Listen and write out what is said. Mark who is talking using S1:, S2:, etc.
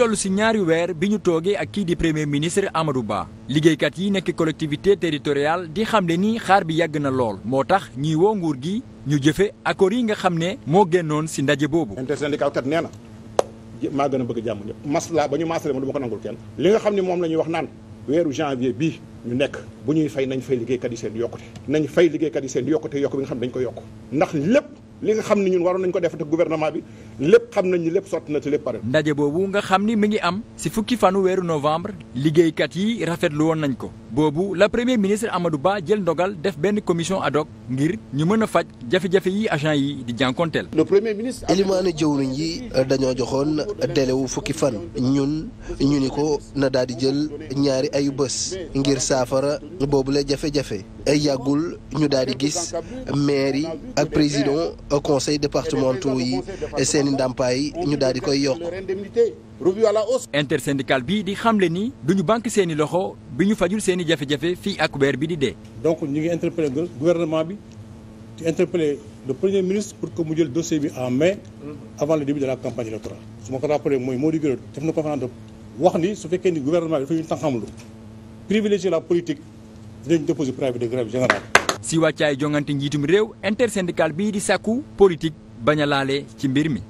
S1: toll si ñaari weer bi ñu toogee ak kii di premier ministre Amadou Ba liggéeykat yi nekk collectivité territoriale di xam ne ni xaar bi yàgg na lool moo tax ñuy woo nguur gi ñu jëfe accords yi nga xam ne moo génnoon si ndaje boobu. intersyndical kat nee na maa gën a bëgg jàmm ñëpp
S2: maslaa ba ñu maslaa ma du nga xam ne moom la ñuy wax naan. weeru janvier bi ñu nekk bu ñuy fay nañ fay liggéeykat yi seen yokkute nañ fay liggéeykat yi seen yokkute yokk bi nga xam ne dañ ko yokk ndax lépp
S1: li nga xam ne ñun waroon nañ ko def te gouvernement bi lépp xam nañ lépp sotti na ci lépp pare. ndaje boobu nga xam ni mi ngi am si fukki fanu weeru novembre liggéeykat yi rafetlu woon nañu ko. boobu la premier ministre Amadou Ba jël ndogal def benn commission ad ngir ñu mën a faj jafe-jafe yi agent yi di jànkonteel.
S3: le premier ministre. élimaane jëwriñ yi dañoo joxoon délai wu fukki fan ñun ñu ni ko na daal di jël ñaari ayu bés ngir saafara boobu la jafe-jafe yàggul ñu daal di gis maire yi ak président conseil départementaux yi seen i ndàmpaay ñu daal di koy yokk. revue à la
S1: hausse. intersyndical bi di xamle ni duñu banque seeni loxo bi ñu fajul seeni jafe-jafe fii ak weer bi di dee.
S4: donc ñu ngi interpellé gouvernement bi di interpellé le premier ministre pour que mu jël dossier bi en mais avant le début de la campagne électorale. su ma ko rappelé mooy Mody Gueye def na conférence de wax ni su fekkee ni gouvernement bi dafa ñu taxamlu privilégier la politique
S1: dinañ déposer préavis de grève générale. si wàccaay jongante njiitum réew intersyndical bii di sàkku politique bañ a laale ci mbir mi.